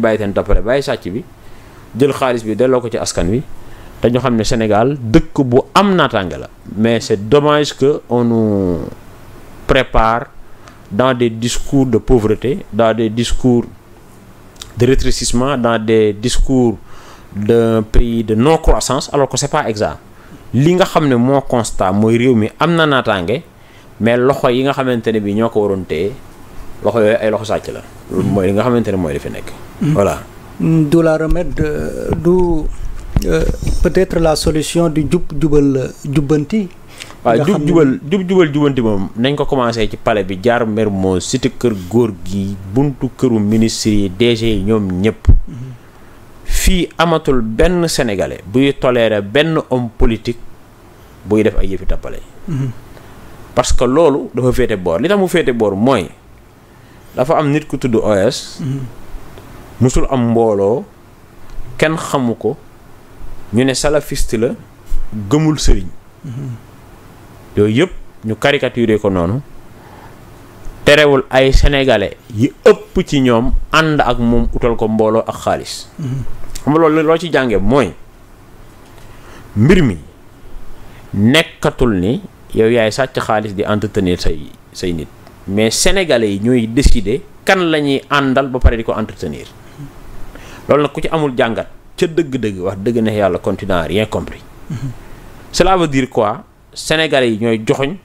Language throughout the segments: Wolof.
bàyyi teen toppale bàyyi sàcc bi jël xaalis bi delloo ko ci askan wi te ñu xam ne Sénégal dëkk bu am naataange la mais c'est domage que on nous dans des discours de pauvreté dans des discours de rétrécissement dans des discours d'un pays de non croissance alors que c'est pas exact li nga xam ne moo constat mooy réew mi am na naataange mais loxo yi nga xamante ne bi ñoo ko waroon téye loxo yooy ay loxo sàcc la mooy li nga xamante ne mooy li fi nekk. Hmm. voilà. du la remède euh, du euh, peut-être la solution du jub jubal jubanti waaw jub jubal moom nañ ko commencé ci pale bi jaar mer moo cité kër góor gi buntu këru ministre yi DG ñoom ñëpp. Hmm. fii amatul benn sénégalais buy toléré benn homme politique buy def ay yëfi tappale. Hmm. parce que loolu dafa féete boor li tax mu féete boor mooy. dafa am nit ku tudd OS. mosul mhm. am mbooloo kenn xamu ko ñu ne salafiste la gëmul sëriñ. Mhm. yooyu yëpp ñu caricaturer ko noonu terewul ay sénégalais yi ëpp ci ñoom ànd ak moom utal ko mbooloo ak xaalis. Mhm. xam nga loolu loo ci jànge mooy mbir mi nekkatul ni yow yaay sàcc xaalis di entretenir say say nit. mais sénégalais yi ñooy décider kan la ñuy àndal ba pare di ko entretenir loolu nag ku ci amul jàngat ca dëgg-dëgg wax dëgg neex yàlla continent rien compris cela veut dire quoi sénégalais yi ñooy joxoñ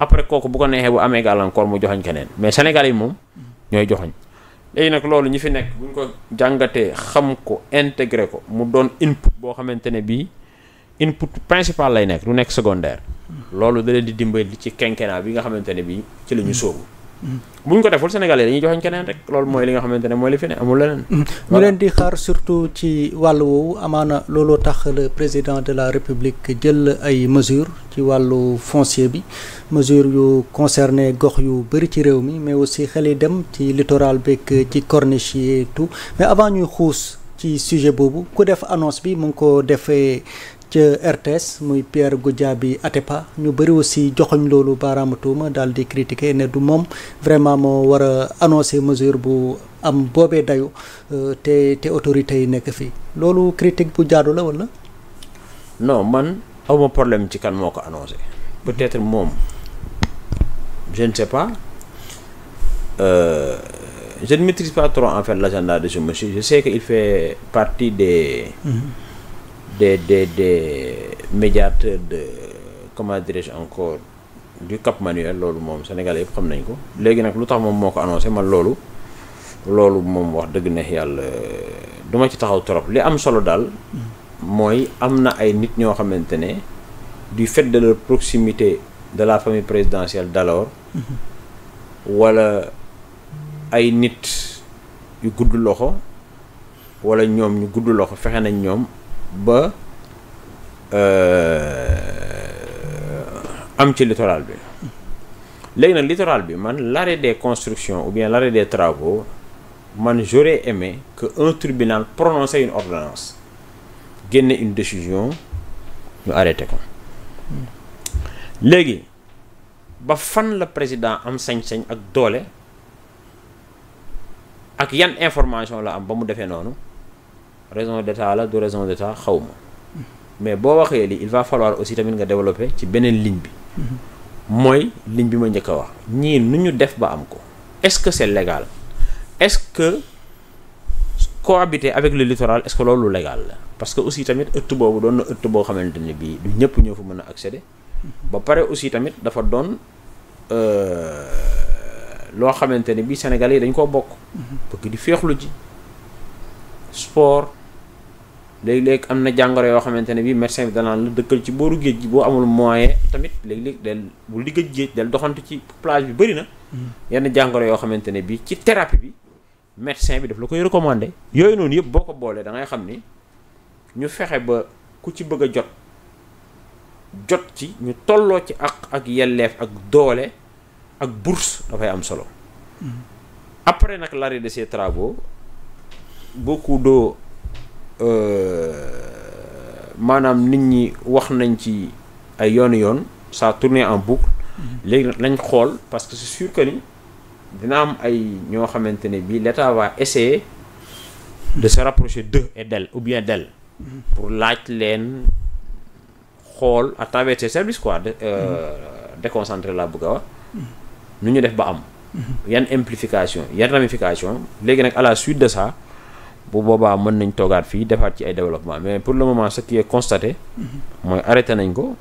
après kooku bu ko neexee bu amee gàllankoor mu joxoñ keneen mais sénégale yi moom ñooy joxoñ léegi nag loolu ñi fi nekk bu ñu ko jàngatee xam ko intégré ko mu doon input boo xamante ne bii input principal lay nekk du nekk secondaire loolu da di dimbal ci quinquennat bi nga xamante ne bii ci la ñu mm. sóobu. Mm. bu ñu ko deful sénégalais dañuy joxoñ keneen rek loolu mooy li nga xamante ne mooy li fi ne amul leneen. Mm. ñu leen di xaar surtout ci wàllu woowu amaana looloo tax le président de la république jël ay mesures ci wàllu foncier bi mesures yu concerné gox yu bëri ci réew mi mais aussi xel yi dem ci littoral beeg ci corniche yi tout mais avant ñuy xuus ci sujet boobu ku def annonce bi mu ngi ko defee. ca RTS muy Pierre Goudiaby Atepa ñu bëri aussi joxoñ loolu baaraamu tuuma daal di critiquer ne du moom vraiment moo war a annoncer mesure bu am boobee dayu euh, te te autorités yi nekk fii loolu critique bu jaadu la wala. non man awma problème ci kan moo ko annoncé peut-être moom je ne sais pas euh, je ne maîtrise pas trop en fait l'agenda de ce monsieur je sais que il fait partie des. Mhm. des des des médiateurs de comment dirais-je encore du Cap Manuel loolu moom Sénégalais yëpp xam nañ ko léegi nag lu tax moom moo ko annoncé man loolu loolu moom wax dëgg neex yàlla du ma ci taxaw trop li am solo daal mooy am na ay nit ñoo xamante ne du fait de leur proximité de la famille présidentielle d'alors wala ay nit yu gudd loxo wala ñoom ñu gudd loxo fexe nañ ñoom ba euh, am ci littoral bi léegi nag littoral bi man l'arrêt des constructions ou bien l'arrêt des travaux man j'aurais aimé que un tribunal prononce une ordonnance génne une décision ñu arrêté ko léegi ba fan la président am sañ-sañ ak doole ak yan information la am ba mu defee noonu raison d'état la du raison d'état xaw ma mais boo waxee li il va falloir aussi tamit nga développer ci beneen ligne bi mooy ligne bi ma njëkk a wax ñii nu ñu def ba am ko est-ce que c'est légal est-ce que cohabiter avec le littoral est-ce que loolu légal la parce que aussi tamit ëtt boobu doon na ëtt boo xamante ne bii du ñëpp ñoo fa mën a accéder ba pare aussi tamit dafa doon euh, loo xamante ne bii Sénégalais yi dañ koo bokk mhm. bëgg di féexlu ji sport léegi léeg am na jàngoro yoo xamante ne bii médecin bi danaan la dëkkal ci booru géej gi boo amul moyen tamit léegi léeg del bu liggéey géej del doxantu ci plage bi bëri na hmm. yenn jàngoro yoo xamante ne bii ci thérapie bi médecin bi daf la koy recommandé yooyu noonu yëpp boo ko boolee dangay xam ni ñu fexe ba ku ci bëgg a jot jot ci ñu tolloo ci ak ak yelleef ak doole ak bourse dafay am solo hmm. après nag l'arrêt de ces travaux beaucoup d'eau Euh, maanaam nit ñi wax nañ ci ay yoon yoon ça tourné en boucle. Mm-hmm. léegi nag nañ xool parce que c'est sûr que ni dina am ay ñoo xamante ne bii l'État essayer de se rapprocher d'eux e d'elles ou bien d'elles mm-hmm. pour laaj leen xool à travers service quoi de euh, mm-hmm. déconcentré laa bëgg a wax nu ñu def ba am. yan implication yan ramification léegi nag à la suite de ça. bu boobaa mën nañ toogaat fii defaat ci ay développement mais pour le moment ce qui est mooy arrêté nañ ko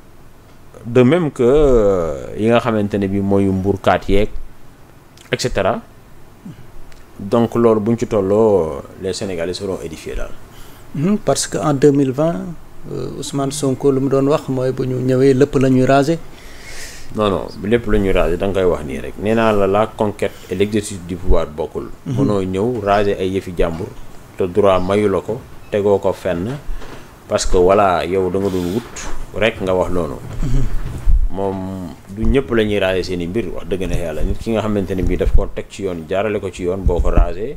de même que euh, yi nga xamante ne bi mooy mburkaat yeeg et cetera donc loolu bu ci tolloo les Sénégalais seront édifiés daal mmh, parce que en 2020 euh, Ousmane Sonko lu mu doon wax mooy bu ñu ñëwee lépp la ñuy raser non lépp la ñuy raser da koy wax nii rek nee naa la la conquête et l'exercice du pouvoir bokkul mhm. mënoo ñëw raser ay yëfi jàmbur te droit mayu la ko tegoo ko fenn parce que voilà yow da nga doon wut rek nga wax loolu. Mm-hmm. moom du ñëpp la ñuy raser seen i mbir wax dëgg na yàlla nit ki nga xamante ne bii daf ko teg ci yoon jaarale ko ci yoon boo ko raser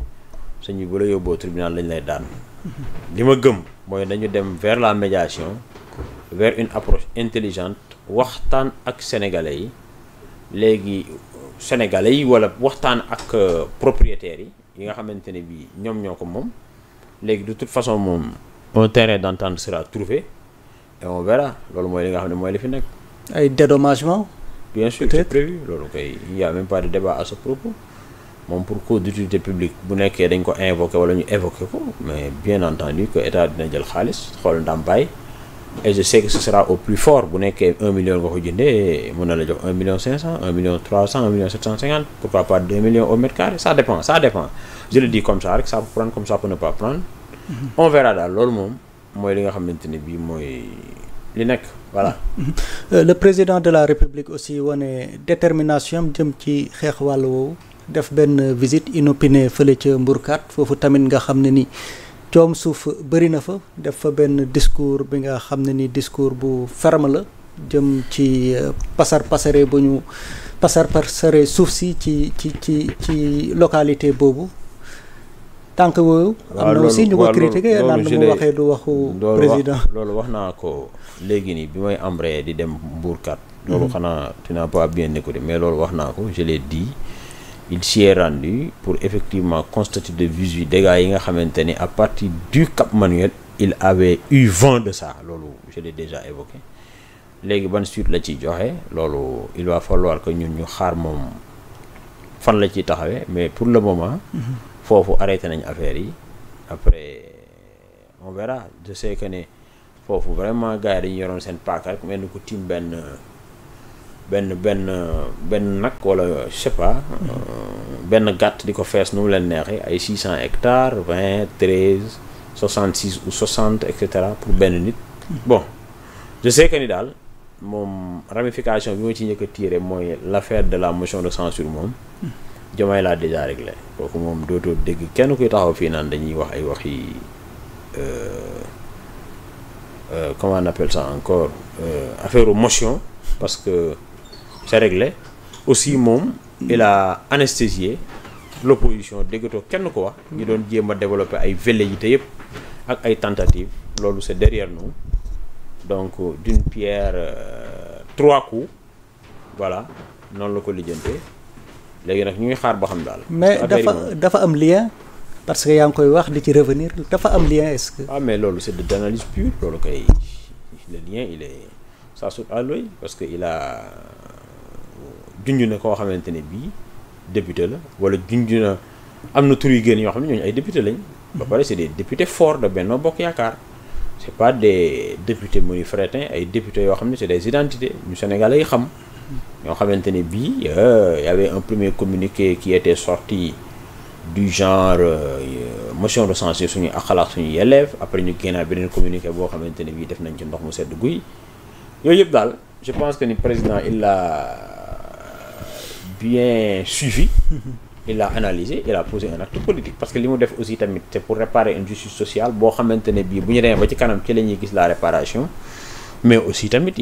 sëñ bi bu la yóbboo tribunal lañ lay daan. Mm-hmm. li ma gëm mooy dañu dem vers la médiation vers une approche intelligente waxtaan ak sénégalais yi léegi sénégalais yi wala waxtaan ak euh, propriétaires yi yi nga xamante ne bii ñoom ñoo ko moom. léegi de toute façon moom un terrain d'entente sera trouvé et on verra loolu mooy li nga xam ne mooy li fi nekk. ay dédommagement. bien sûr loolu kay il y a même pas de débat à ce propos moom pour cause d'utilité publique bu nekkee dañ ko invoqué wala ñu évoqué ko mais bien entendu que état dina jël xaalis xool ndàmpaay et je sais que ce sera au plus fort bu nekkee 1 million nga ko jëndee mën na la jox 1 million 500 1 million million 750 pourquoi pas Mm-hmm. on verra daal loolu moom mooy li nga xamante ne bii mooy li nekk voilà. Mm-hmm. Euh, le président de la république aussi wane détermination jëm ci xeex wàll woowu def benn visite inopinée fële ca Mbourkat foofu tamit nga xam ne ni. coom suuf bëri na fa def fa benn discours bi nga xam ne ni discours bu ferme la jëm ci euh, pasar pasare bu ñu pasar pasare suuf si ci ci ci ci localité boobu tànk woowu. am na aussi ñu ko critiqué naan mu waxee du waxu. loolu wax naa ko léegi nii bi may embrayé di dem Mbourkat. loolu mhm. xanaa tu n'as pas bien écouté mais loolu wax naa ko je l'ai dit il s'y est rendu pour effectivement constater de visu dégâts yi nga xamante ni à partir du Cap Manuel il avait u vent de ça loolu je l'ai déjà évoqué léegi ban suite la ciy joxe loolu il va falloir que ñun ñu xaar moom fan la ciy taxawee mais pour le moment. Mhm. foofu arrêté nañ affaire yi après on verra je sais que ne foofu vraiment gars yi dañu yoroon seen paaka rek mel ni ko tiim benn benn benn benn nag wala je pas euh, benn gàtt di ko fees nu mu leen neexee ay 600 hectares 20 13 66 ou 60 et cetera pour benn nit bon je sais que ni daal moom ramification bi ma ci njëkk a tiré mooy l'affaire de la motion de censure moom Diomaye laa déjà réglé kooku moom dootoo dégg kenn kuy taxaw fii naan dañuy wax ay wax yi euh, euh, comment on appelle encore euh, affaire u motion parce que c'est réglé aussi moom il a anesthésié l'opposition déggatoo kenn ko wax ñu doon jéem a développer ay velléités yëpp ak ay tentatives loolu c'est derrière nous donc d'une pierre euh, trois coups voilà noonu la ko lijjantee léegi nag ñuy xaar ba xam daal. mais dafa dafa am lien. parce que yaa ngi koy wax di ci revenir dafa am lien est ah mais loolu c'est de l'analyse pure loolu kay le lien il est ça saute à parce que il a junj na koo xamante ne bii député la wala junj na am na tur yu génn yoo xam ne ñooñu ay député lañ. ba pare c'est des députés forts de Benno Bokk Yaakaar. c'est pas des députés muy ay députés yoo xam ne c'est des identités ñu sénégal yi xam. ñoo xamante ne bii euh, y avait un premier communiqué qui était sorti du genre euh, motion de censure suñu axalaat suñu yelleef après ñu génnaat beneen communiqué boo xamante ne bii def nañ ci ndox mu sedd guy yooyu yëpp daal je pense que ni président il l'a bien suivi il l'a analysé il a posé un acte politique parce que li mu def aussi tamit c'est pour réparer une justice sociale boo xamante ne bii bu ñu demee ba ci kanam ci la ñuy gis la réparation mais aussi tamit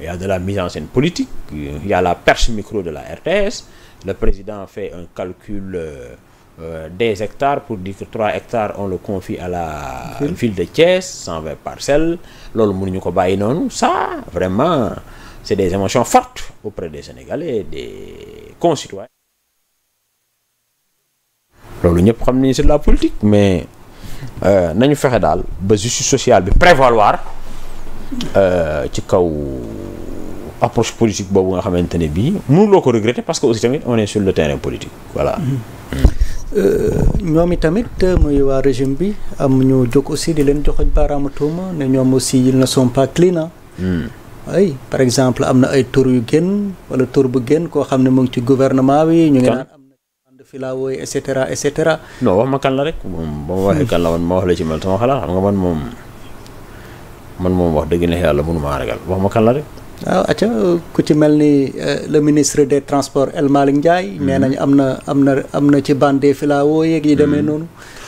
y a de la mise en scène politique il la perche micro de la RTS le président fait un calcul euh, euh, des hectares pour dire que 3 hectares on le confie à la mmh. ville de Thiès 120 parcelles loolu mënuñu ko bàyyi noonu ça vraiment c'est des émotions fortes auprès des Sénégalais des concitoyens loolu ñëpp xam nañu c'est de la politique mais euh, nañu fexe daal ba justice sociale bi prévaloir ci kaw approche politique boobu nga xamante ne bii mënuloo ko regretter parce que aussi tamit on est sur le terrain politique voilà. Mm-hmm. Euh, ñoom itamit muy waa régime bi am ñu jóg aussi di leen joxoñ baaraamu tuuma ne ñoom aussi ils ne sont pas clean mm. ay par exemple am na ay tur yu génn wala tur bu gën koo xam ne mu ngi ci guvernement bi. ñu ngi naan am na ànd filaawo yi et cetera et cetera. non wax ma kan la rek moom ba ma waxee kan la man nga man moom man moom wax dëgg ne yàlla mënu maa ragal wax ma waaw ah, acca ku ci mel ni eh, le ministre de transport El Malick Ndiaye nee mm-hmm. nañu am na am na am na ci bande filao yeeg yi demee mm-hmm. noonu